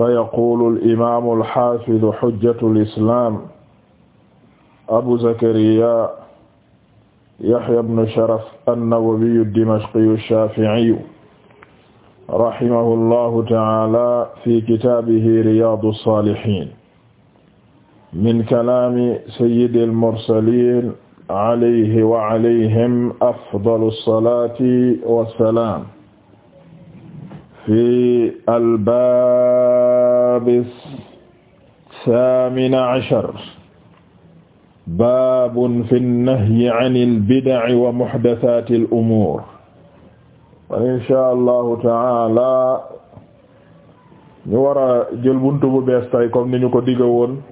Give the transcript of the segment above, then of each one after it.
فيقول الإمام الحافظ حجة الإسلام أبو زكريا يحيى بن شرف النووي الدمشقي الشافعي رحمه الله تعالى في كتابه رياض الصالحين من كلام سيد المرسلين عليه وعليهم أفضل الصلاة والسلام fi albaabi saamina cashar baabun fi nahyi an albidaci wa muxdasaati alumuur kon inshaa allahu taala ñu war a jël buntu bu bees tay comme ni ñu ko digga woon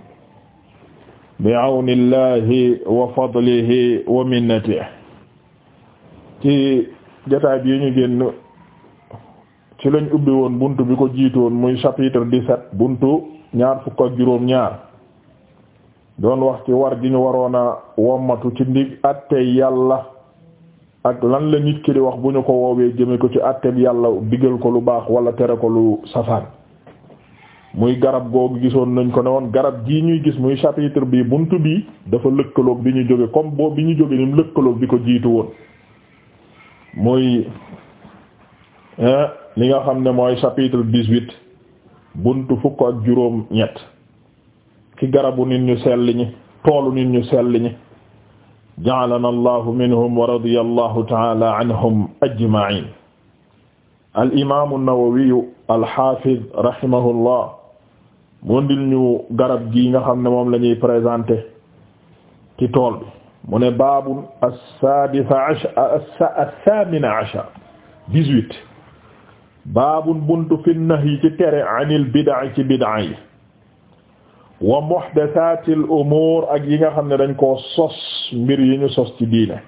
bi awni illahi wa fadlihi wa minnatihi ci jotaay bi ñu génn ci lañ ubbi woon buntu bi ko jiitoon muy chapitre dix-sept buntu ñaar fukk ak juróom ñaar doon wax ci war gi ñu waroon a wommatu ci ndig attey yàlla ak lan la nit ki di wax bu ñu ko woowee jëme ko ci atteb yàlla digal ko lu baax wala tere ko lu safaan muy garab googu gisoon nañ ko ne woon garab gii ñuy gis muy chapitre bi buntu bi dafa lëkkaloog bi ñu jóge comme boobu bi ñu jóge ni mu bi ko jiitu woon muy Eh, li nga xam ne mooy chapitre dix-huit buntu fukk ak juróom ñett ci garabu nit ñu sell ñi toolu nit ñu sell ñi ja'alana allahu minhum wa radiya allahu ta'ala anhum al imaamu an-Nawawi al-Hafiz rahimahullah mu ndil ñu garab gi nga xam ne moom lañuy ñuy présenté ci tool mu ne baabun as-sadisa ashar as-samina baabun buntu fi yi ci tere anil bid'a ci bid'a yi wa muhdathatil umur ak yi nga xam ne dañ koo sos mbir yi ñu sos ci diine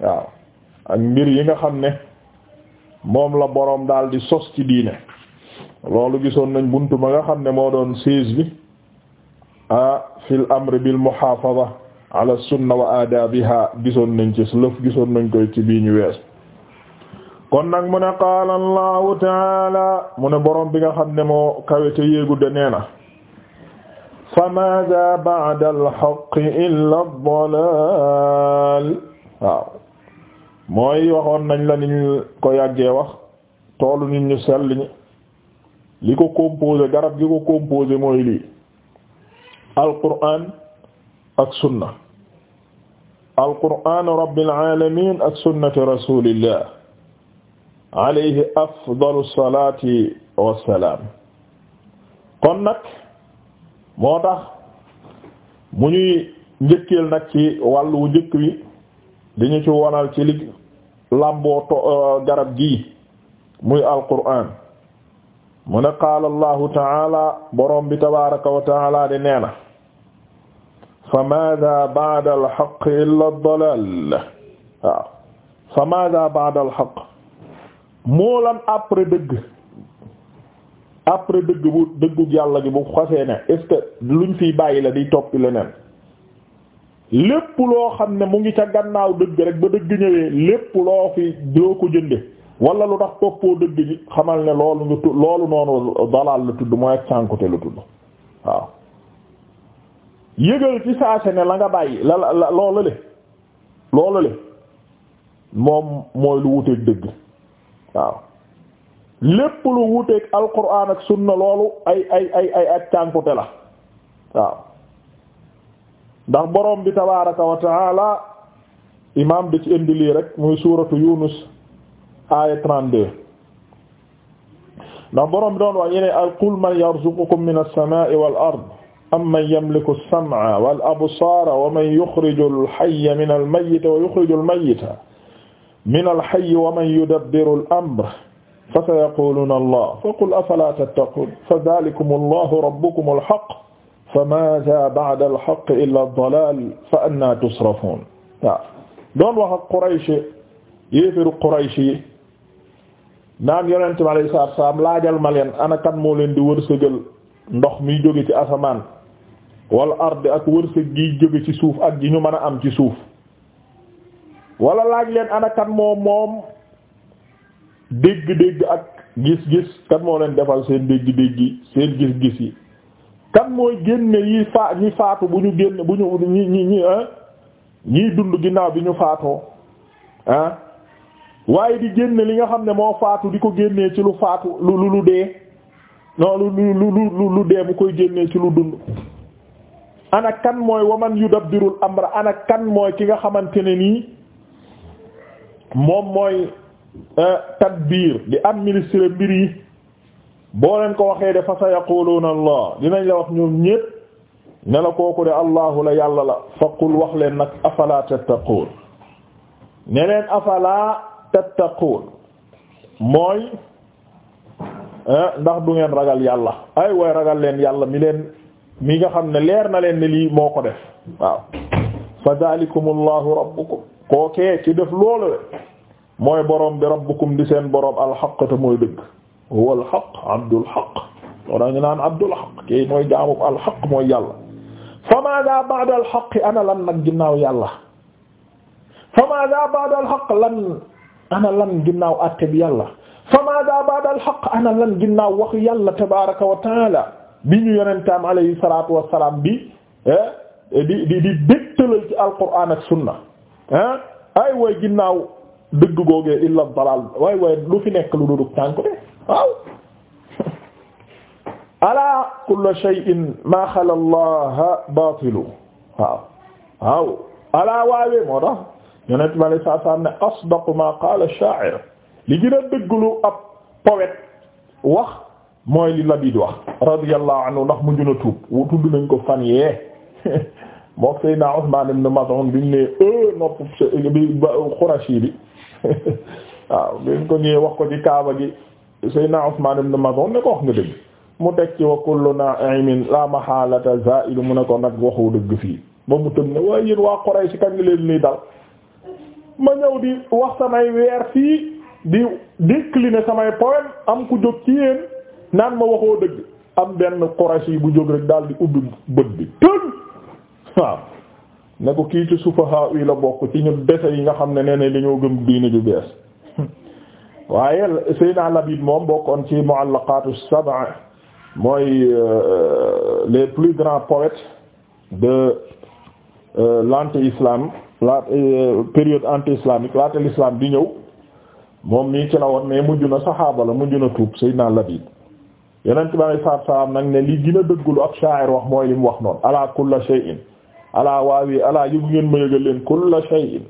waaw ak mbir yi nga xam ne moom la boroom daal di sos ci diine loolu gisoon nañ bunt ba nga xam ne moo doon siis bi ah fil amri bil muhafaza ala sunna bi aadabiha gisoon nañ ci lëf gisoon nañ koy ci bii ñu wees kon nag mu ne qaala allahu taala borom bi nga xam ne moo kawete yéegudde nee na fa maada ba'da alxaqi illa ad-dalaal waaw mooy waxoon nañ la niñ ko yàggee wax toolu nit ñu li ko composé garab gi ko composé mooy lii alquran ak sunna alquran rabbil alamin ak sunnati rasulillah alayhi afdalu salaati wassalaam kon nag moo tax mu ñuy njëkkeel nag ci wàllu wu njëkk wi di ñu ci wonal ci li làmboo to euh, garab gi muy alquran mu ne qaala allahu taala boroom bi tabaraka wa taala di nee na fa maada baada alxaq illa dalal waaw fa maada baada alxaq moo lan après dëgg après dëgg bu dëggug yàlla gi bu xasee ne est luñ fiy bàyyi la di toppi leneen lépp loo xam ne mu ngi ca gannaaw dëgg rek ba dëgg ñëwee lépp loo fi doo ko jënde wala lu tax toppoo dëgg ji xamal ne loolu nga tu loolu noonu dalaal la tudd mooy ak sànkute la tudd waaw yëgal ci saase ne la nga bàyyi la la loolu le loolu le moom mooy lu wuteeg dëgg waaw lépp lu wuteeg alquran ak sunna loolu ay ay ay ay ak cànkute la waaw ndax borom bi tabaraka wa taala imam bi ci indi lii rek muy suratu yunus aya 32 ndax borom bi doon wax yene ay qul man yarzuqukum min as-samaa'i wal ard amman yamliku as-sam'a wal absaara wa man yuxriju al-hayya min al-mayyiti wa yuxriju al-mayyita min alxayi wa man yudabbiru al-amr fa sayaquluuna allah faqul afalaa tattaquun fa daalikum allahu rabbukum alxaq fa maaza ba'da alxaq illa ad-dalaal fa annaa tusrafuun waaw doon wax ak Quraysh yéefiru Quraysh yi naan yonente bi alayhi salaatu wa salaam laajal ma leen ana kan moo leen di wërsëgal ndox mi jóge ci asamaan wal ard ak wërsëg gi jóge ci suuf ak ji ñu mën a am ci suuf wala laaj leen ana kan moom moom dégg-dégg ak gis-gis kan moo leen defal seen dégg-dégg yi seen gis-gis yi kan mooy génne yi fa ñi faatu bu ñu génne bu ñu ñi ñi ñi ah, ñiy dund ginnaaw bi ñu faatoo ah waaye di génne li nga xam ne moo faatu di ko génnee ci lu faatu lu lu dee non lu lu lu lu dee bu koy génnee ci lu dund ana kan mooy waman yudabbirul amra ana kan mooy ki nga xamante ne nii moom mooy euh, tadbiir di administrer mbir yi boo leen ko waxee de fa sa yaquluuna allah dinañ la wax ñoom ñépp ne la kooku de allahu la yàlla la faqul wax leen nag afala tattaquun ne leen afala tattaquun mooy euh, ndax du ngeen ragal yàlla ay way ragal leen yàlla mi leen mi nga xam ne leer na leen ne lii moo ko def waaw fa dalikumullahu rabbukum kookee ci def loolu mooy boroom bi rabbukum di seen borom alxaq te mooy dëgg huwa alxaq abdul xaq wala ñu naan abdul xaq kii mooy jaamu alxaq mooy yàlla fa maada ba'da alxaqi ana lan ginnaaw yàlla fa maada ba'da alxaq ana lan ginnaaw àtte bi yàlla fa maada ba'da alxaq ana lan ginnaaw wax yàlla tabaaraka wa taala bi ñu yonentam alayhi salaatu wa salaam bi eh, di di di dégtalal ci alquraan ak sunna ah ay way ginnaaw dëgg googee illa dalal way way fi nekk lu dudug tànku de waaw ala kullu ma xala allaha batilu waaw ala waawee moo tax yonent bi alei saat selaam ne asdaqu ma qaala ash-sha'ir li gën a dëgglu ab poète wax mooy li Labiid wax radiyallahu anhu ndax mu juna tuub tudd nañ ko fan yee moo Seydina Usman ibn Mas'ud bi mu ne eh, nopp bi Xurashi bi waaw wax ko ci Kaaba gi Seydina Usman ibn Mas'ud ne ko wax nga dëgg mu teg ci wa kullu na'imin la mahalata za'ilu mu ne ko nag waxu dëgg fii ba mu tëb ne waaye yéen waa Quraysh kañ leen nii dal ma ñëw di wax samay weer fii di décliner samay poème am ku jóg ci yéen naan ma waxoo dëgg am benn Quraysh bu jóg rek daal di ubbi bët bi tën waaw ne ko kii ci sufaha yi la bokk ci ñu dese yi nga xam ne nee na dañoo gëm diine ju bees waaye Seydina Labid moom bokkoon ci mu'allaqatu sab'a mooy euh, les plus grands poètes de euh, l'anti-islam la euh, période anti-islamique laata l'islam di ñëw moom mii ci la woon mais mujj na saxaaba la mujj na tuub Seydina Labid yeneen ci ma ne saab nag ne li gën a dëggulu ab sha'ir wax mooy li wax noonu ala kulli shay'in alaa yi alaa yëgu ngeen ma yëgal leen kulla shay'in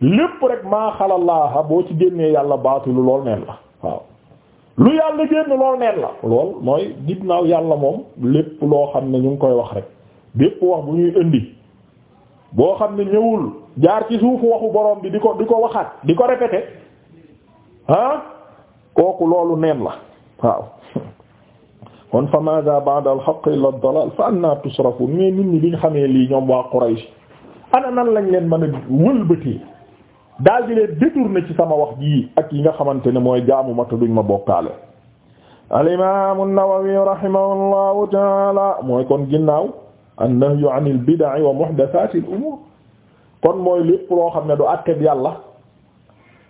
lépp rek maa xalallaaha boo ci génnee yàlla baatilu lool neen la waaw lu yàlla génn lool neen la lool mooy ginnaaw yàlla moom lépp loo xam ne ñu ngi koy wax rek bépp wax bu ñuy indi boo xam ne ñëwul jaar ci suufu waxu borom bi di ko di ko waxaat di ko répéter ah kooku loolu neen la waaw kon fa maada ba'da al-haqq illa ad-dalal fa anna tusrafun mais nit ñi bi xamee lii ñoom waa Quraysh ana nan lañ leen ma a wëlbatee daal di leen détourner ci sama wax jii ak yi nga xamante ne mooy jaamu mata duñ ma bokkaale al-imam an-Nawawi rahimahullahu taala mooy kon ginnaaw an-nahyu anil bid'a wa muhdathatil umur kon mooy lépp loo xam ne du àtte bi yàlla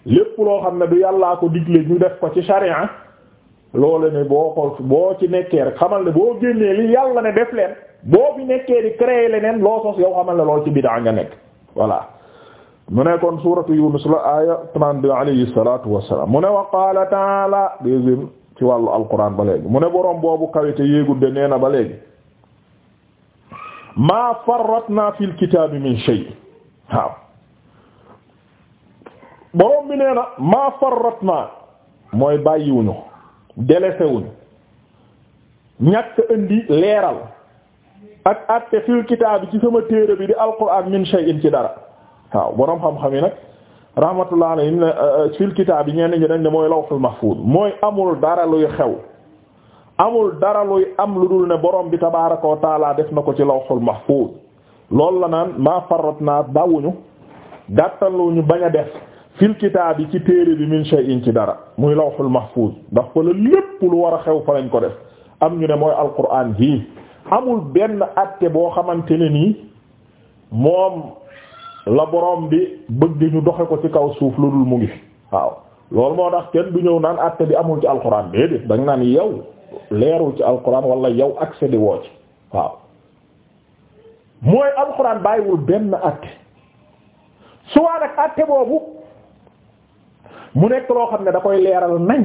lépp loo xam ne du yàllaa ko digle ñu def ko ci sharia loole ne boo ko boo ci nekkee rek xamal ne boo génnee li yàlla ne def leen boo fi nekkee di créer leneen loo sos yow xamal ne lool ci bid'a nga nekk voilà mu ne kon suratu yunus la aya 32 alayhi salatu mu ne wa ci wàllu alquran ba léegi boobu kawite yéegul de nee na ba léegi maa farratna fil kitaabi min shay waaw boroom bi nee maa farratna mooy bàyyiwuñu délaissé wuñ ñàkk indi leeral ak àtte fil kitaab bi ci sama téere bi di alquran min shay'in ci dara waaw boroom xam-xam yi nag rahmatullah alayhim euh, euh, fil kitaab bi ñenn ñi ne mooy lawhul mahfuz mooy amul dara luy xew amul dara luy am lu dul ne borom bi tabaaraka wa def na ko ci lawhul mahfuz loolu la naan maa farat naa dawuñu gàttal ñu bañ a def fil kitaabi ci téere bi min shay'in ci dara muy lawhul mahfuz ndax fa la lépp lu war a xew fa lañ ko def am ñu ne mooy alquran ji amul benn àtte boo xamante ne nii moom la boroom bi bëgg ñu doxe ko ci kaw suuf lu dul mu ngi waaw loolu moo tax kenn du ñëw naan àtte bi amul ci alquran déedéet da nga naan yow leerul ci alquran wala yow accès di woo ci waaw mooy alquran bàyyiwul benn àtte su waa nag àtte boobu. mu nekk loo xam ne da koy leeral nañ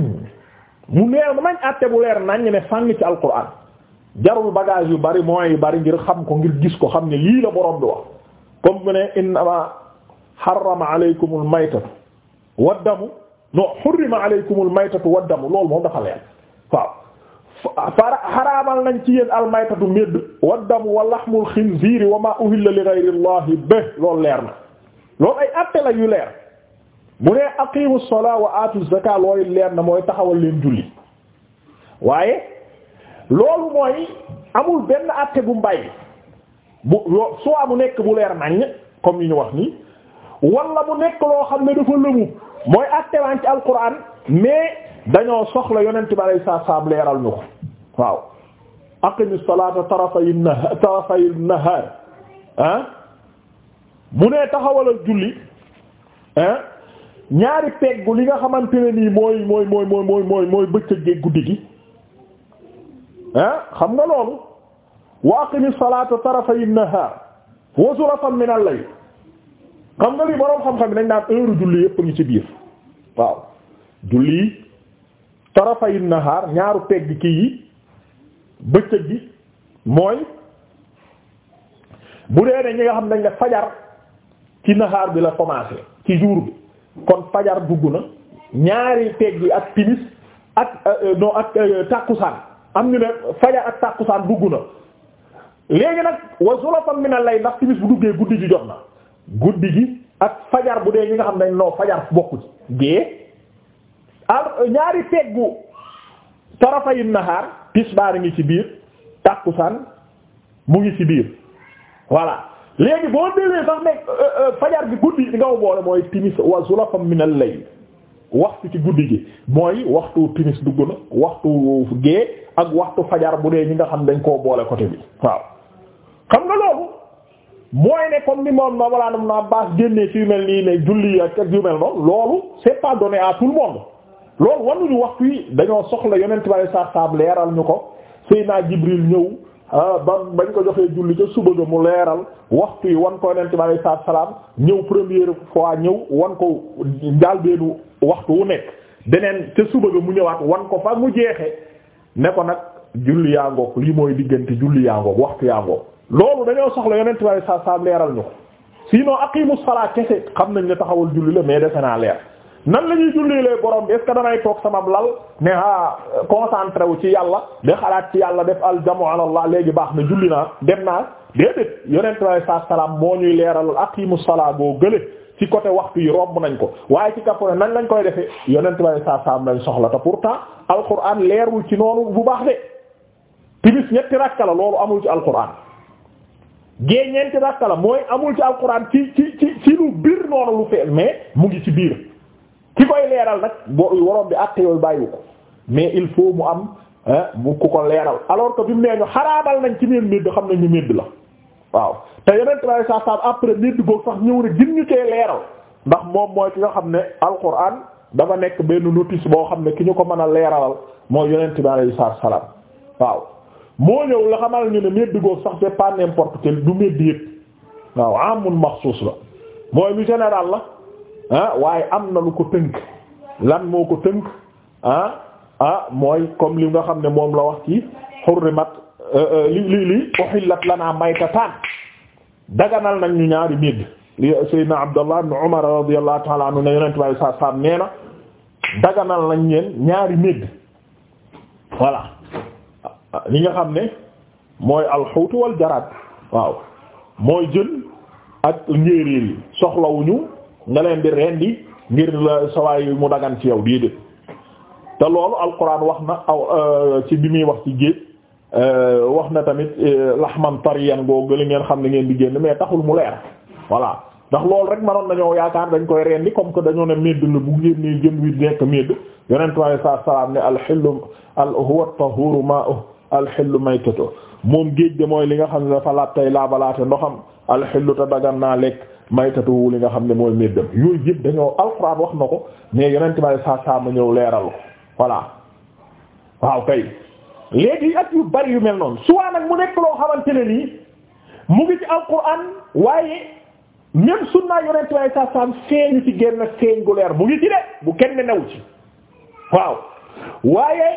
mu leer nañ àtte bu leer nañ ne fànn ci alquran jarul bagage yu bari moyens yu bari ngir xam ko ngir gis ko xam ne lii la borom bi wax comme mu ne innama harrama alaykumul maytatu waddamu no hurrima alaykumul maytatu waddamu loolu moom dafa leer waaw fara xaraamal nañ ci yéen almaytatu médd waddamu wa lahmul xinziiri wa ma uhilla li ghayri be loolu leer na loolu ay àtte la yu leer bu nee aqimu salaa wa aatu zakaa looy leer na mooy taxawal leen julli waaye loolu mooy amul benn àtte bu mbay bu yoo soit nekk bu leer naññ comme ni ñu wax nii wala mu nekk loo xam ne dafa lëmu mooy àtte waan ci alquran mais dañoo soxla yonent bi alay saa saab leeral ñu ko waaw aqimi salata tarafay nahar tarafay nahar ah. mu ne taxawalal julli ah ñaari peggu li nga xamante ne nii mooy mooy mooy mooy mooy mooy bëccëg gi guddi gi ah xam nga loolu wa aqimi salata tarafay nahar wa zulafan min al-layl xam nga li boroom xam-xam yi dañ naan heure julli yépp ngi ci biir waaw julli tarafay nahar ñaaru pegg kii yi bëccëg gi mooy bu dee ne ñi nga xam dañ ne fajar ci nahar bi la commencé ci jour bi kon fajar dugg na ñaari teggi ak timis ak euh, euh, non ak euh, tàkkusaan am ñu ne fajar ak tàkkusaan dugg na léegi nag wa zulafan min al lay ndax timis bu duggee guddi gi jot na guddi gi ak fajar bu dee ñi nga xam ne non fajar bokku ci gée ñaari teggu tarafayin nahaar tisbaar ngi ci biir tàkkusaan mu ngi ci biir voilà léegi boo déggee sax nekk euh, euh, fajar bi guddi li nga ko boole mooy timis wa zulafam min na layl waxtu ci guddi gi mooy waxtu timis dugg na waxtu gée ak waxtu fajar bu dee ñi nga xam dañ koo boole côté bi waaw. xam nga loolu mooy ne comme ni moom Mawlana Ibn Abbas génnee ci yu mel nii ne julli ak yu mel noonu loolu c'est pas donné à tout le monde loolu wanuñu waxtu yi dañoo soxla yonent bi sallallahu alayhi wa sallam ñu ko Seydina Jibril ñëw. Euh, ba bañ ko joxee julli ca suba ga mu leeral waxtu yi wan ko yonent bi alayhi salaatu salaam ñëw première fois ñëw wan ko njaalbeenu waxtu wu nekk beneen ca suba ga mu ñëwaat wan ko fa mu jeexe ne ko nag julli yaa ngoog lii mooy diggante julli yaa ngoog waxtu yaa ngoog loolu dañoo soxla yonent bi alayhi salaatu salaam leeral ñu ko sinon aqiimu salaa kese xam nañ ne taxawal julli la mais defe naa leer nan la ñuy jullilee borom bi est ce que damay toog sama lal ne ah concentré ci yàlla de xalaat ci yàlla def al jamu ala allah léegi baax na julli naa dem naa déedéet yonent bi alayhi salaatu salaam moo ñuy leeral aqimu salaa boo gële ci côté waxtu yi romb nañ ko waaye ci kappone nan lañ koy defee yonent bi alayhi salaatu salaam lañ soxla te pourtant alquran leerul ci noonu bu baax de timis ñetti rakka la loolu amul ci alquran gée ñeenti rakka la mooy amul ci alquran ci ci ci ci lu biir mu ngi ci biir. ki koy leeral nag boo waroon bi àtte yooyu bàyyiwu ko mais il faut mu am mu ku ko leeral alors que bi mu nee ñu xaraamal nañ ci biir mbir xam nañ ñu mbir la waaw te yeneen traçais sax après mbir googu sax ñëw rek gin ñu koy leeral ndax moom mooy ki nga xam ne alquran dafa nekk benn notice boo xam ne ki ñu ko mën a leeralal mooy yonent bi alayhi salaam waaw moo ñëw la xamal ñu ne mbedd googu sax c'est pas n'importe quel du mbedd yëpp waaw amun maxsuus la mooy général la Ah waaye am na lu ko tënk lan moo ko tënk ah ah mooy comme li nga xam ne moom la wax ci xurrimat euh, euh, li li li uhillat lana maytatan daganal nañ ñu ñaari midd li sayyidina Abdallah saa saam nee daganal nañ ñeen ñaari midd voilà li nga xam ne mooy alxuutu wal jaraad waaw mooy jën ak njéeréer soxlawuñu nga leen di rendi ngir la sawaay mu dagan ci yow déedéet te loolu alquran wax na aw euh, ci bi muy wax ci géej euh, wax na tamit euh, laxman tariyan goo gëli ngeen xam ne ngeen di génn mais taxul mu leer voilà ndax loolu rek na nañoo yaakaar dañ koy rendi comme que dañoo ne médd la bu génne jën wi nekk médd yonent bi alayhi salaam ne alxillu al huwa tahuru ma'u alxillu maytatu moom géej de mooy li nga xam ne dafa laaj tey laabalaate ndoxam alxillu te dagan naa lekk maytatu li nga xam ne mooy méddam yooyu yëpp dañoo alxuraan wax na ko mais yonent ma saa saa ma ñëw leeral ko voilà waaw kay léegi ak yu bari yu mel noonu soit nag mu nekk loo xamante ne nii mu ngi ci alxuraan waaye même sunnaa yonent ma saa saa feeñu ci génn feeñ gu leer mu ngi ci de bu kenn new ci waaw waaye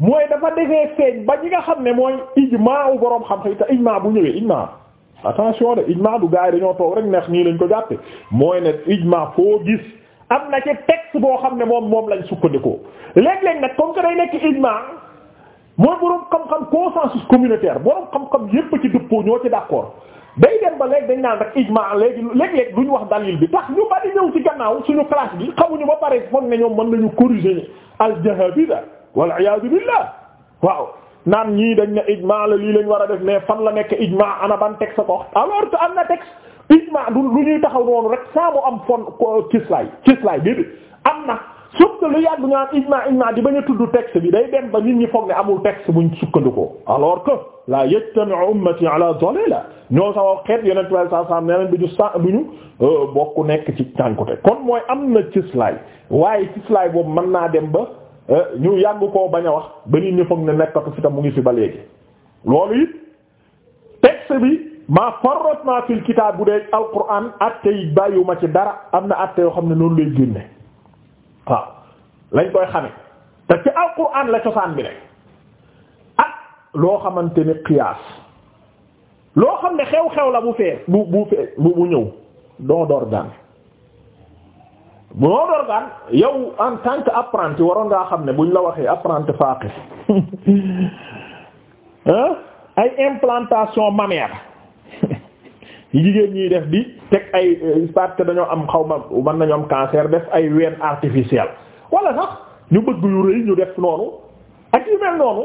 mooy dafa defee feeñ ba ñi nga xam ne mooy ijmaa u boroom xam-xam te ijmaa bu ñëwee ijmaa attention de ijmaa du gars yi dañoo toog rek neex nii lañ ko jàppe mooy ne ijmaa foo gis am na ci texte boo xam ne moom moom lañ sukkandikoo léeg-léeg nag comme que day nekk ijmaa mooy boroom xam-xam consensus communautaire boroom xam-xam yépp ci dëppoo ñoo ci d'accord day dem ba léegi dañ naan rek ijmaa léegi léeg-léeg duñ wax dalil bi tax ñu bari ñëw ci gannaaw suñu classe bi xamuñu ba pare foog ne ñoom mën nañu corriger al jahabida wal iyaadu billah waaw naan ñii dañ ne ijmaa la lii lañ war a def mais fan la nekk ijmaa ana ban texte ko alors que am na texte ijmaa du lu ñuy taxaw noonu rek saa mu am fon kislaay kislaay déedéet am na surtout lu yàgg ñu naan ijmaa ijmaa di ba a tudd texte bi day dem ba nit ñi foog ne amul texte buñ sukkandikoo alors que la yajtami'u ummati ala dalala ñoo sa xeet yeneen tubaab yi saa saa nee nañ ñu sa du ñu euh, bokk nekk ci cànkute kon mooy am na kislaay waaye kislaay boobu mën naa dem ba. Eh, ñu yàgg koo bañ a wax ba nit ñi foog ne nekkatu fi mu ngi fi ba léegi loolu it texte bi maa farratna fil kitaab bu dee alquran atte yi bàyyiwuma ci dara am na atte yoo xam ne noonu lay génne waaw lañ koy xame te ci alquran la cosaan bi rek ak loo xamante ni qiyaas loo xam ne xew-xew la bu fee bu bu fee bu bu ñëw don d'organe bu ma war a yow en tant que apprenti waroon ngaa xam ne bu ñu la waxee apprenti faqih ay implantation mammaire jigéen ñiy def di teg ay euh, parce que dañoo am xawma ma mën nañu am cancer def ay ween artificielle wala sax ñu bëgg yu rëy ñu def noonu ak yu mel noonu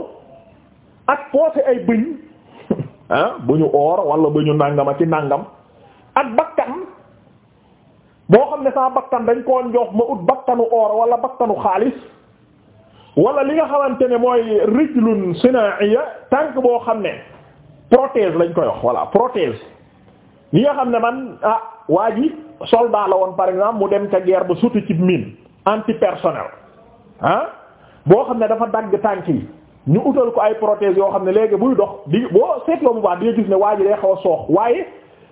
ak poosé ay bëñ ah bu ñu oor wala bu ñu nàngama ci nàngam ak bakkan boo xam ne saa bakkan dañ koo jox ma ut bakkanu or wala bakkanu xaalis wala li nga xamante ne mooy rijlun sina'iya tànk boo xam ne prothèse lañ ko wax voilà prothèse li nga xam ne man ah waa ji soldat la woon par exemple mu dem ca guerre ba suti ci mine antipersonnel ah boo xam ne dafa dagg tànk yi ñu utal ko ay prothèse yoo xam ne léegi buy dox di boo seetloo bu baax di nga gis ne waa ji day xaw a soox waaye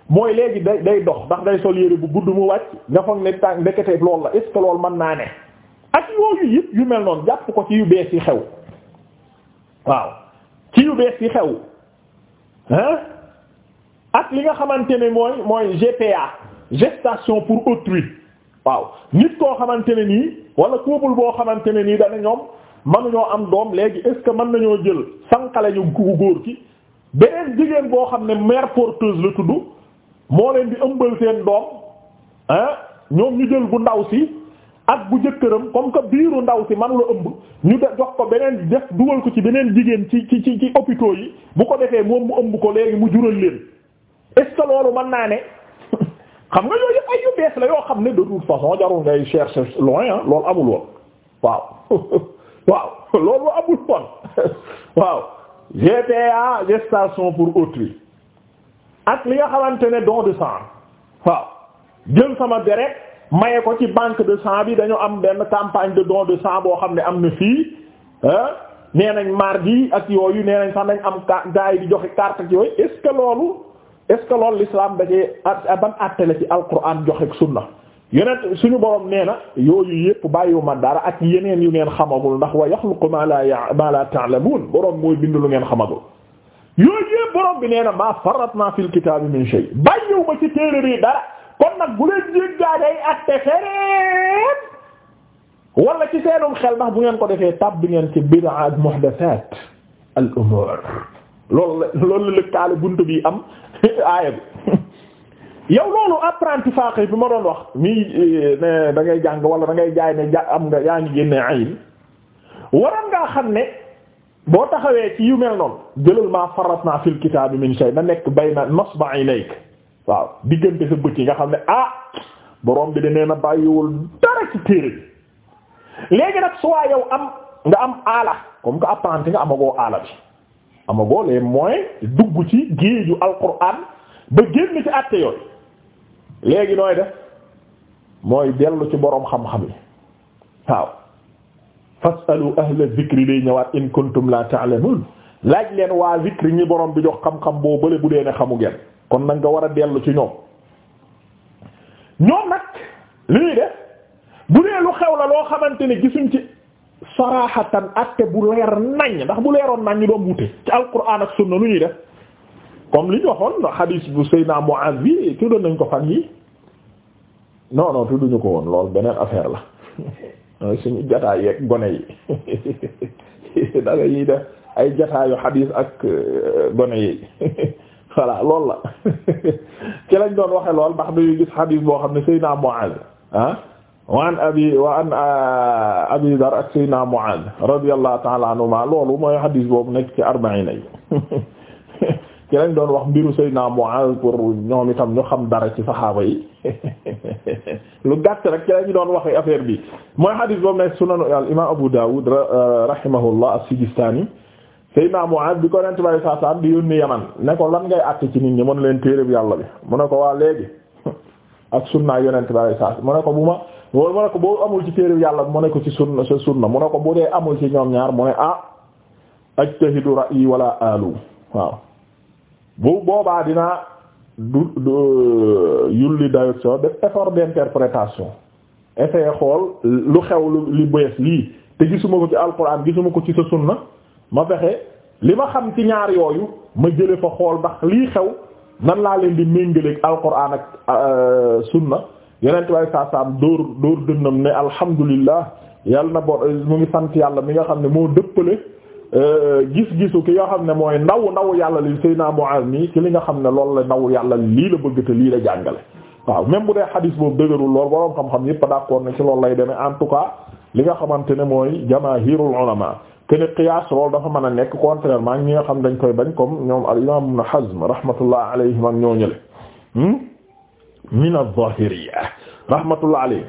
mooy léegi day day dox ndax day sol yére bu gudd mu wàcc nga foog ne tànk ndekete loolu la est lool que mën naa ne ak yooyu yëpp yu mel noonu jàpp ko ci yu bees yi xew waaw ci yu bees yi xew hein ak li nga xamante ne mooy mooy GPA gestation pour autrui waaw nit koo xamante ne nii wala couple boo xamante ne nii dana ñoom mënuñoo am doom léegi est ce mën nañoo jël sànqale ñu góor ki beneen jigéen boo xam ne mère porteuse la tudd. moo leen di ëmbal seen doom ah ñoom ñu jël bu ndaw si ak bu jëkkëram comme que biiru ndaw si manula ëmb ñu de jox ko beneen def dugal ko ci beneen jigéen ci ci ci ci hôpitaux yi bu ko defee moom mu ëmb ko léegi mu jural leen est ce loolu mën naa ne xam nga yooyu ay bees la yoo xam ne de toute façon jarul ngay chercher loin ah loolu amul woon waaw waaw loolu amul woon waaw GPA gestation pour autrui ak li nga xamante ne don de sang waaw jël sama deret maye ko ci banque de sang bi dañu am benn campagne de don de sang boo xam ne am na fii nee nañ mardi ak yooyu nee nañ sax nañ am gaa yi di joxe carte ak yooyu est-ce que loolu est-ce que loolu ci da cee ban attale ci alquran joxe ak sunna yeneen suñu borom nee na yooyu yëpp bàyyiwuma dara ak yeneen yu ngeen xamagul ndax wa yaxluqu ma la ma la ta'lamun borom mooy bind lu ngeen xamagul. yooyu yëpp borom bi nee na maa faratna fil kitaabi min shay bàyyiw ma ci téere bi dara kon nag bu leen jéggaa atte fereet wala ci seenum xel ndax bu ngeen ko defee tàbbi ngeen ci bid'a ak muhdathat al umur loolu la loolu la lëkkaale am aaya yow loolu apprenti faaqi bi ma doon wax ni eh, ne da ngay jàng wala da ngay jaay ne ja am nga yaa ngi génne ayin ngaa xam ne boo taxawee ci yu mel noonu jëlal maa faratna fil kitaabi min shay na nekk bayna nasba'ilayk waaw diggante sa bët yi nga xam ne ah boroom bi danee na bàyyiwul dara ci téere léegi yow am nga am aala comme que apprenti nga amagoo aala bi amagoo les moyens dugg ci géeju alquran ba génn nooy def mooy dellu ci boroom xam-xam yi waaw fasalu ahla zikri day ñëwaat in kuntum la ta'lamun laaj leen waa zikri ñi borom bi jox xam-xam boo bële bu dee ne xamu gen kon nag nga war a dellu ci ñoom ñoom nag li ñuy def bu dee lu xew la loo xamante ne gisuñ ci sarahatan atte bu leer nañ ndax bu leeroon nañ ñu doon wute ci alquran ak sunna lu ñuy def comme li ñu waxoon hadith bu Seydina Muaz bi tuddoon nañ ko fan yi noonoo non tudduñu ko woon lool beneen affaire la suñu jataay yeeg gone yi da nga yi ay jataayu xadiis ak euh, gone yi voilà loolu la ci lañ doon waxe lool ndax dañuy gis xadiis boo xam ne Seydina Muaz ah wa an abi wa an euh, abi dar ak Seydina Muaz radiyallahu ta'ala anhuma loolu mooy xadiis boobu nekk ci arbaina yi ci lañ doon wax mbiru Seydina Muaz pour ñoom itam ñu xam dara ci saxaaba yi lu gàtt rek ci la ñu doon waxee affaire bi mooy hadis boobu nekk sunanu al imam Abu Dawud euh, rahimahullah as naa Seydina Muaad bi ko nent bay saasaam di yónni Yaman ne ko lan ngay àtte ci nit ñi mën leen téere bi yàlla bi mu ne ko waa léegi ak sunna yonent bay saas mu ne ko bu ma mu ne ko boo amul ci téere bi yàlla mu ne ko ci sunna sa sunna mu ne ko bu dee amul ci ñoom ñaar mu ne ah ajtahidu ra'yi wala alu waaw bu boobaa dinaa du du euh, yulli dayut soo def effort d'interprétation essayé xool lu xew lu bees lii te gisuma ko ci alquran gisuma ko ci sa sunna ma fexe li ma xam ci ñaar yooyu ma jële fa xool ndax lii xew nan laa leen di méngaleeg alquran ak euh, sunna yeneen tubaab saa saam dóor dóor dënnam ne alhamdulillah yàlla na bo mu ngi sant yàlla mi nga xam ne moo dëppale. Euh, gis-gisu ki yoo xam ne mooy ndaw ndaw yàlla li Seydina Muaz nii li nga xam ne loolu la ndaw yàlla lii la bëgg te lii la jàngale waaw même bu dee xadis boobu dëgërul lool boroom xam-xam yëpp d'accord ne ci loolu lay demee en tout cas li nga xamante ne mooy jamaahirul ulama kene qiyaas loolu dafa mën a nekk contrairement ak ñi nga xam dañ koy bañ comme ñoom al imam Ibn Hazm rahmatullah alayhim ak ñooñële hmm? min az-zahiriyya rahmatullah alayhim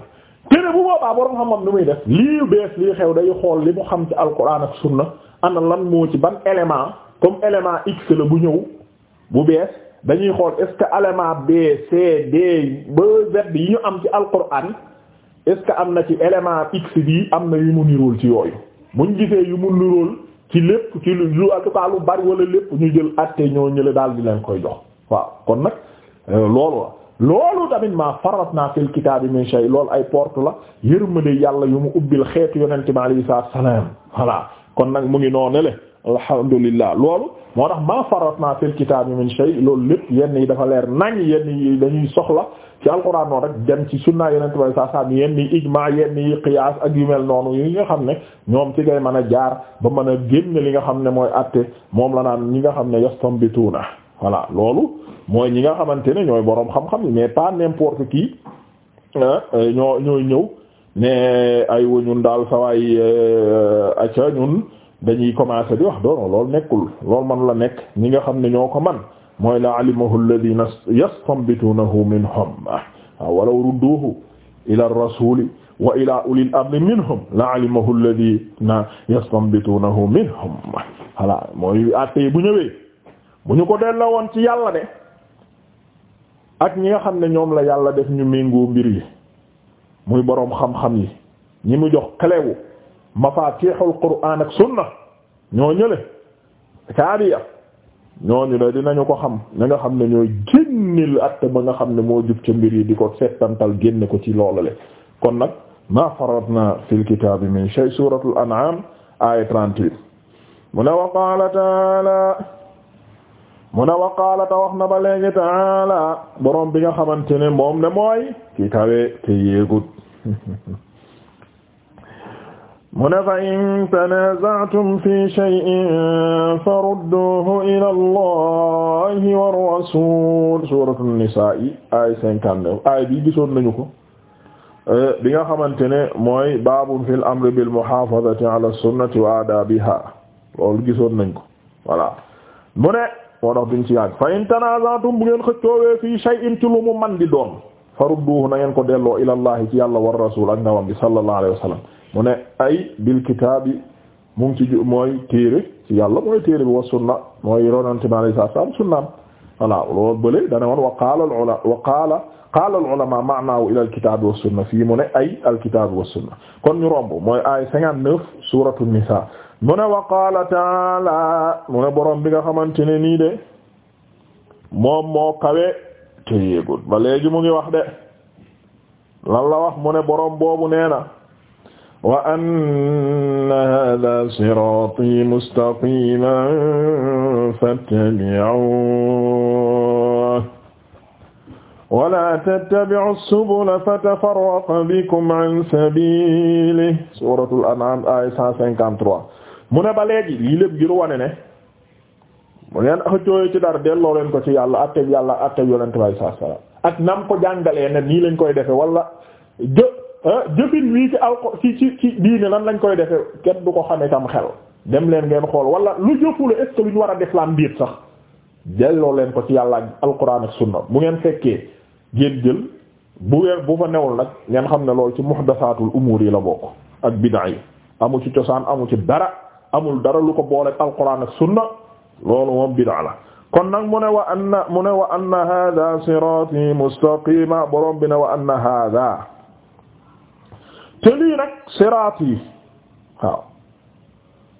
kene bu boobaa boroom xam-xam ni muy def lii bees lii xew li mu xam ci alquran ak sunna ana lan moo ci ban élément comme élément x la bu ñëw bu bees dañuy xool est-ce que élément B C D ba bi yi ñu am ci alquran est-ce que am na ci élément x bi am na yu mu nirool ci yooyu buñ gisee yu mu nirool ci lépp ci lu en tout cas lu bari wala lépp ñu jël atte ñoo ñële daal di leen koy jox waaw kon nag euh, loolu la loolu tamit maa farratna fil kitaabi min shay loolu ay porte la yërmande yàlla yu mu ubbil xeetu yonente bi alayhi salaam voilà kon nag mu ngi noonu le alhamdulillah loolu moo tax ma faratna fil kitaabi min shay loolu lépp yenn yi dafa leer nañ yenn yi dañuy soxla ci alquran noonu rek dem ci sunna yeneen tubaab saa saa yenn yi ijma yenn yi qiyaas ak yu mel noonu yi nga xam ne ñoom ci ngay mën a jaar ba mën a génn li nga xam ne mooy àtte moom la naan ñi nga xam ne bi na voilà loolu mooy ñi nga xamante ne ñooy boroom xam-xam mais pas n'importe qui ñoo ñooy ñëw. ne ay wa ñun daal sawaay eh, aca ñun dañuy commencer di wax doono loolu nekkul loolu man la nekk ñi nga xam ne ñoo ko man mooy la alimahu alladhina yastanbitunahu minhum ah, walaw rudduhu ila ar-rasuli wa ila ulil amri minhum la alimahu alladhina yastanbitunahu minhum voilà mooy atte bu ñëwee bu ñu ko delloo woon ci yàlla de ak ñi nga xam ne ñoom la yàlla def ñu méngoo mbir yi muy boroom xam-xam yi ñi mu jox cléwu mafatihul qur'aan ak sunna ñoo ñële caabiya ñooñu de dinañu ko xam na nga xam ne ñooy génnil atte ba nga xam ne moo jub ca mbir yi di ko settantal génne ko ci loolale kon nag ma faratna fil kitaabi min shay suratul an'am aya 38 mu mu ne wa qaala ta wax na ba léegi taala boroom bi nga xamante ne moom ne mooy ki kawe te yéegut mu ne fa in tanaza'tum fi shay'in farudduhu ila allahi war rasul suratul nisa'i ay cinquante ay bi gisoon nañu ko eh, bi nga xamante ne mooy baabun fil amri bil muhafazati ala sunnati wa gisoon nañ ko voilà mu moo tax duñ ci yàgg fa in tanaza'tum bu ngeen xëccoowee fii shay'in ci man di doon farudduhu na ngeen ko delloo ilallahi ci yàlla war rasul ak ndawam bi sallallahu wa sallam mu ne ay bil kitaabi mooy téere ci yàlla mooy téere bi wa sunna mooy ronante mi alayhi salaam sunnaam voilà loolu bële dane woon wa qaala al ulama wa qaala qaala ila kitaabi wa sunna fii mu ay al kitaabi wa sunna kon ñu romb mooy ay cinquante neuf suuratu nisaa mu ne wa qaala ta'aala mu ne borom bi nga xamante ne nii de moom moo kawe te léegi mu ngi wax de lan wax mu ne boroom boobu nee na wa anna hada sirati mustaqiman fattabi'uhu wa la tattabi'u subula fatafarraqa bikum an mu ne ba léegi lii lépp ngir wane bu ngeen xëccoo ah, ci dara delloo leen ko ci yàlla atteb yàlla atteb yonent bay saa salaam ak nam ko jàngalee na nii lañ koy defe walla jë ah, jëfin wii ci alko ci ci ci diine nan lañ koy defe kenn du ko xamee tam xel dem leen ngeen xool wala lu jëfule est ce ñu war a def la am sax delloo leen ko ci yàlla ak alquran ak sunna bu ngeen fekkee ngeen jël bu ngeen bu fa newul nag ngeen xam ne loolu ci muhdasatul umur yi la bokk ak bid'a amu ci cosaan amu ci dara amul dara ko boole alquran loolu moom bid'a kon nag mu ne wa anna mu ne wa anna hada wa anna hada te lii nag sirati waaw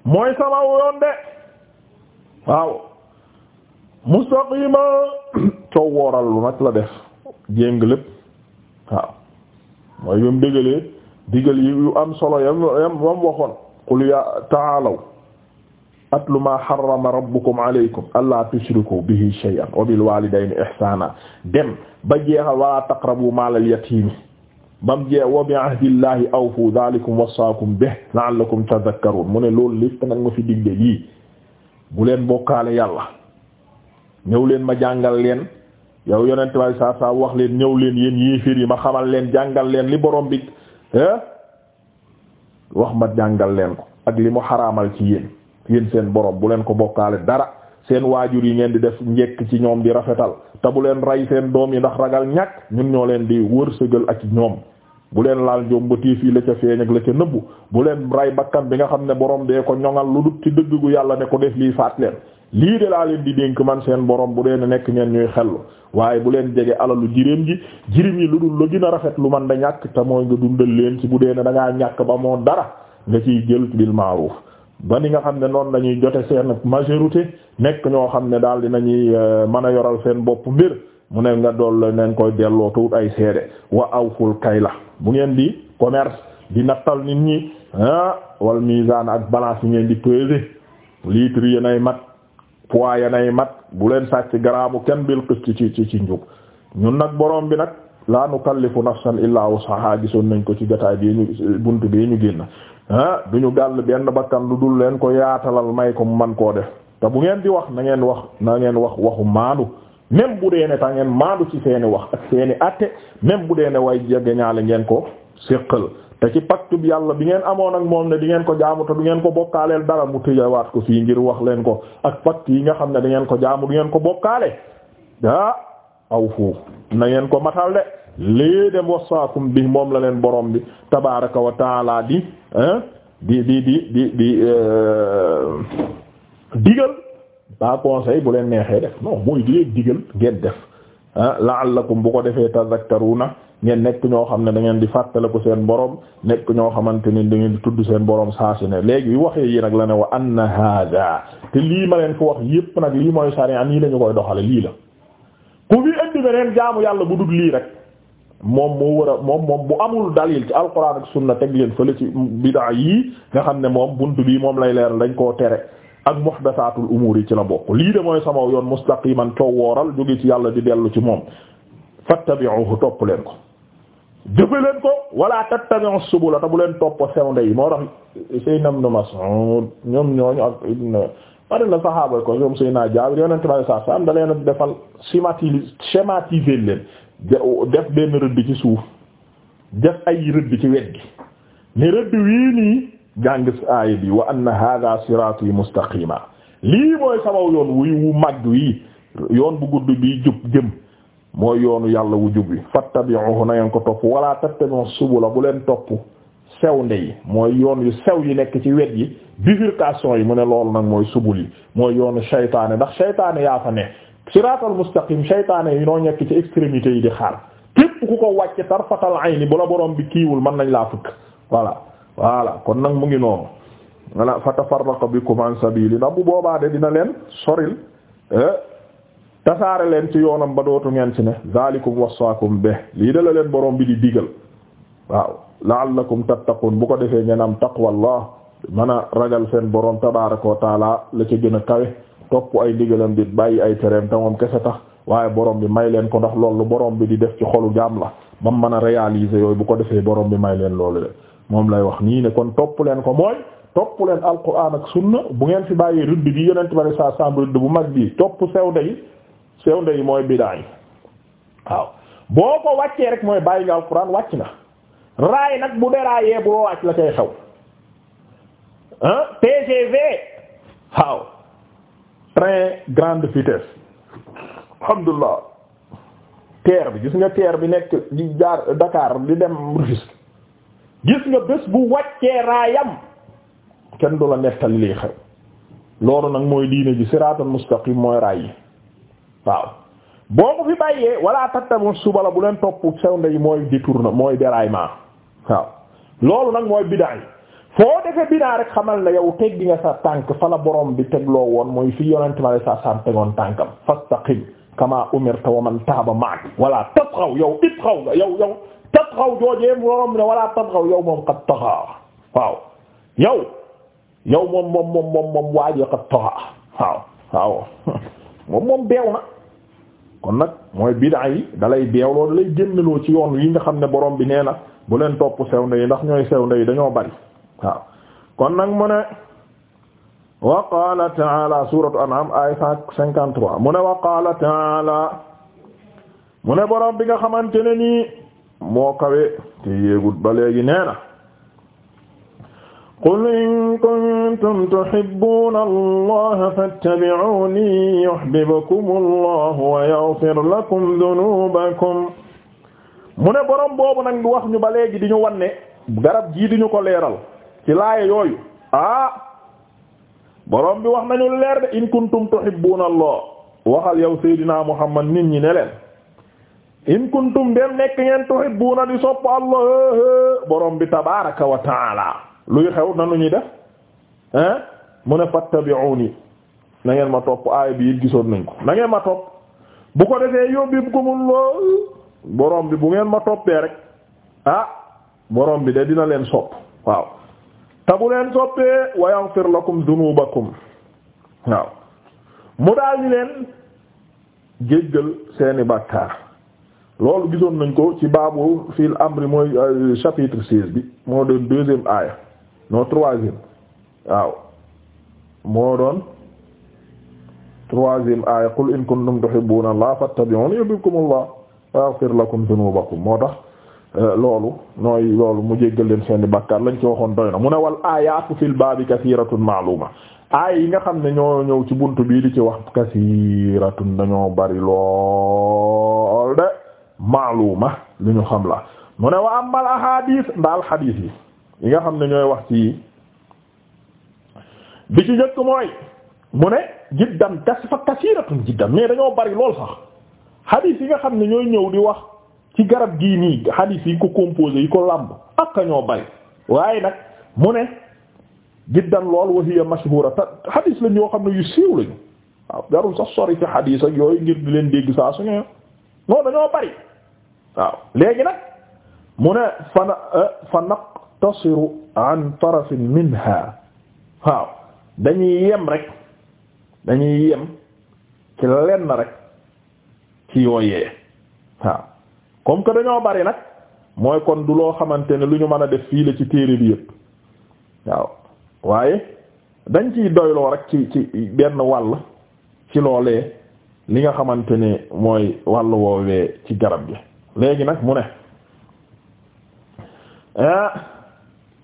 mooy sama yoon de waaw mustaqima coow lu nag la def jéng lépp mooy yom dégalee digal yu am solo yam yam waxoon qul ya taalaw atlu ma harrama rabbukum alaykum alla tushriku bihi shay'an wa bil walidayni ihsana dem ba jeexal wala taqrabu maalal yatiimi bam jeex wa bi ahdillahi awfu dhalikum wasaakum bihi la'allakum tadhakkarun mu ne loolu lépp nag ma fi digle yii bu leen bokkaale yàlla ñëw leen ma jàngal leen yow yonente wax leen ñëw leen yéen yéefér yi ma xamal leen jàngal leen li borom bi eh? wax ma jàngal leen ko ak li mu xaraamal ci yéen yéen seen boroom bu leen ko bokkaale dara seen waajur yi ngeen di def njekk ci ñoom di rafetal te bu leen ray seen doom yi ndax ragal ñàkk ñun ñoo leen di wërsëgal ak ñoom bu leen laal njombatiif yi la ca feeñ ak la ca nëbbu bu leen rey bakkan bi nga xam ne boroom bee ko ñoŋal lu dut ci dëgg gu yàlla ne ko def lii faat leen lii de laa leen di dénk man seen borom bu dee nekk ngeen ñuy xellu waaye bu leen jege alalu jiréem ji jirim yi lu dul la gën a rafet lu man da ñàkk te mooy nga dundal leen ci bu dee ne da ngaa ñàkk ba moo dara nga ciy jël bil ma'ruf ba ni nga xam ne noonu lañuy jote seen majorité nekk ñoo xam ne daal dinañuy euh, mën a yoral seen bopp mbir mu ne nga dool la neen koy delloo tuut ay seede wa awful la bu ngeen di commerce di nattal nit ñi ah wal mizaan ak balance yi ngeen di peser litre ya ay mat poids ya nay mat bu leen sàcc garaamu kenn bil qist ci ci ci njub ñun nag borom bi nag la nukallifu nafsan illaa wusaha gisoon nañ ko ci gataay bi ñu buntu bi ñu génn ah du ñu gàll benn bakkan lu dul leen ko yaatalal may ko mu man koo def te bu ngeen di wax na ngeen wax na ngeen wax waxu maandu même bu dee ne ta ngeen maandu ci seeni wax ak seeni atte même bu dee ne way jegeñaale ngeen ko séqal te ci pacte bi yàlla bi ngeen amoon ak moom ne di ngeen ko jaamu te du ngeen ko bokkaaleel dara mu waat ko fii ngir wax leen ko ak pacte yi nga xam ne da ngeen ko jaamu du ngeen ko bokkaale ah aw fu na ko matal de lii de wasaakum bi moom la leen borom bi tabaaraka wa taala di di di di di di euh, digal ba conseil bu leen neexee def non mooy di leen digal ngeen def la'allakum bu ko defee tazakkaruna ngeen nekk ñoo xam ne da ngeen di fàttaliku seen borom nekk ñoo xamante ni da ngeen di tudd seen borom saa si ne léegi bi waxee yi nag la ne wa anna hada te lii ma leen fi wax yépp nag lii mooy sariya yi la ñu koy doxale lii la. ku fi indi beneen jaamu yàlla bu dul lii rek moom moo war a moom moom bu amul dalil ci alquran ak sunna teg leen fële ci bidaa yii nga xam ne moom bunt bii moom lay leer lañ koo tere ak muhdathatul umur yi ci la bokk lii de mooy sama yoon mustaqiman coow wooral jóge ci yàlla di dellu ci moom fattabi'uhu topp leen ko jëfe leen ko wala tattabi'u subula te bu leen topp sewnde yi moo tax Seydina Ibn Mas'ud ñoom ñooñu ak bari na saxaaba ko ñoom Seydina Jaabir yonente bi saa saam da leen defal schématiser schématiser leen def benn rëdd ci suuf def ay rëdd ci wet gi ne rëdd wii nii jàng aaya bi wa anna hadha sirati mustaqima lii mooy sabaw yoon wuy wu màgg wi yoon bu gudd bi jub jëm mooy yoonu yàlla wu jub wi fattabi'uhu na ngeen ko topp wala tattabi'u subula bu leen topp sew nde yi mooy yoon yu sew yi nekk ci wet yi bifurcation yi mu ne loolu nag mooy subul yi mooy yoonu shaytaane ndax shaytaane yaa fa ne siraatal mustaqim shaytaane yi noo nekk ci extrémité yi di xaar képp ku ko wàcce tarfatal ayni bu la boroom bi kiiwul man nañ laa fëkk voilà voilà kon nag mu ngi noonu voilà fa tafarraqa bikum an sabili ndax bu boobaa de dina leen soril eh, tasaare leen ci yoonam ba dootu ngeen ci ne zalikum wasaakum be lii de la bi di digal la'allakum tattaqun bu ko defee ngeen am taqwallah mën a ragal seen boroom tabaaraka wa taala la ci gën a kawe topp ay ndigalam di bàyyi ay tereem te moom kese tax waaye borom bi may leen ko ndax loolu boroom bi di def ci xolu jaam la ba mu mën a réaliser yooyu bu ko defee borom bi may leen loolu de moom lay wax nii ne kon topp leen ko mooy topp leen alquran ak sunna bu ngeen fi bàyyi rëdd bi yonent bi sallallahu alayhi wasallam rëdd bu mag bii topp sewnde yi sewnde yi mooy bidaa mooy bàyyi nga alquran wàcc raay nag bu déraillé bu wàcc la koy xew ah TGV waaw train grande vitesse alhamdulilah terre bi gis nga terre bi nekk di jaar Dakar di dem Rufisque gis nga bés bu wàccee raayam kenn du la nettali liy xew loolu nag mooy diine ji siraatul mustaqim mooy raay yi waaw boo ko fi bàyyee wala tattabu subala bu leen topp sew nde yi mooy détournement mooy déraillement waaw loolu nag mooy bidaa foo defee bidaa rek xamal na yow teggi nga sa tànk fala la borom bi tegloo woon mooy fi yonent ma sa sam tegoon tànkam fastaqim kama umirta wa man taaba maak wala tatghaw yow itghaw nga yow yow tatghaw joojee borom ne wala tatghaw yow moom qad tagha waaw yow yow moom moom moom kon nag mooy bidaa yi dalay beewloo dalay génnloo ci yoon yi nga xam ne borom bi nee na bu leen topp sew nde yi ndax ñooy sew yi dañoo bari waaw kon nag mu ne wa qaala taala suratu an'am ay cent cinquante trois mu ne wa qaala taala mu ne borom bi nga xamante ne nii moo kawe te yéegut ba léegi nee na qul in kuntum tuhibbuna allaha fattabi'uni yuhibbukum allahu wa yaghfir lakum dhunubakum mu ne borom boobu nag wax ñu ba léegi di ñu wan garab gii di ñu ko leeral ci laaya yooyu ah borom bi wax nañu leer de in kuntum tuhibbuna allah waxal yow seydinaa muhammad nit ñi ne leen in kuntum dem nekk ngeen tuhibbuna di sopp allah borom bi tabaaraka wa taala luy xew nanu ñuy def hein mu ne fattabi'uni na ma topp aaya bi it gisoon nañ ko na ngeen ma topp bu ko defee yóbbi bu ko mun lool borom bi bu ngeen ma toppee rek ah borom bi de dina leen sopp waaw tabu leen soppee wa yaghfir lakum dunubakum waaw mu daal di leen jéggal seeni bàkkaar loolu gisoon nañ ko ci baabu fil amri mooy euh, chapitre seize bi moo doon deuxième aaya non troisième waaw moo doon troisième aaya qul in kuntum tuhibbuna allah fattabi'uni yuhibbukum allah yaghfir lakum dhunubakum moo tax euh, loolu nooy loolu mu jéggal leen seeni bàkkaar lañ ci waxoon doy na mu ne wal aayaatu fil baabi kasiiratun maaluma aay yi nga xam ne ñoo ñëw ci bunt bii di ci wax kasiiratun dañoo bari lool de maaluma lu ñu xam la mu ne wa amal ahadis ndaal xadiis yi yi nga xam ne ñooy wax ci bi ci njëkk mooy mu ne jiddan kas fa kasiiratun jiddan mais dañoo bari lool sax xadiis yi nga xam ne ñooy ñëw di wax ci garab gii nii xadiis yi ko composé yi ko làmb ak ñoo bari waaye nag mu ne jiddan lool wa hiya mashhura te xadiis lañ yoo xam ne yu siiw lañu waaw jarul sax sori ci xadiis yooyu ngir di leen dégg saa su ne non bari waaw léegi nag mu ne fa euh, fa naqtasiru an tarafin minha waaw dañuy yem rek dañuy yem ci lenn rek ci yooyee waaw comme que dañoo bari nag mooy kon du loo xamante ne lu ñu mën a def fii la ci téere bi yëpp waaw waaye dañ ciy doyloo rek ci ci benn wàll ci loolee li nga xamante ne mooy wàll woowee ci garab gi léegi nag mu ne ah.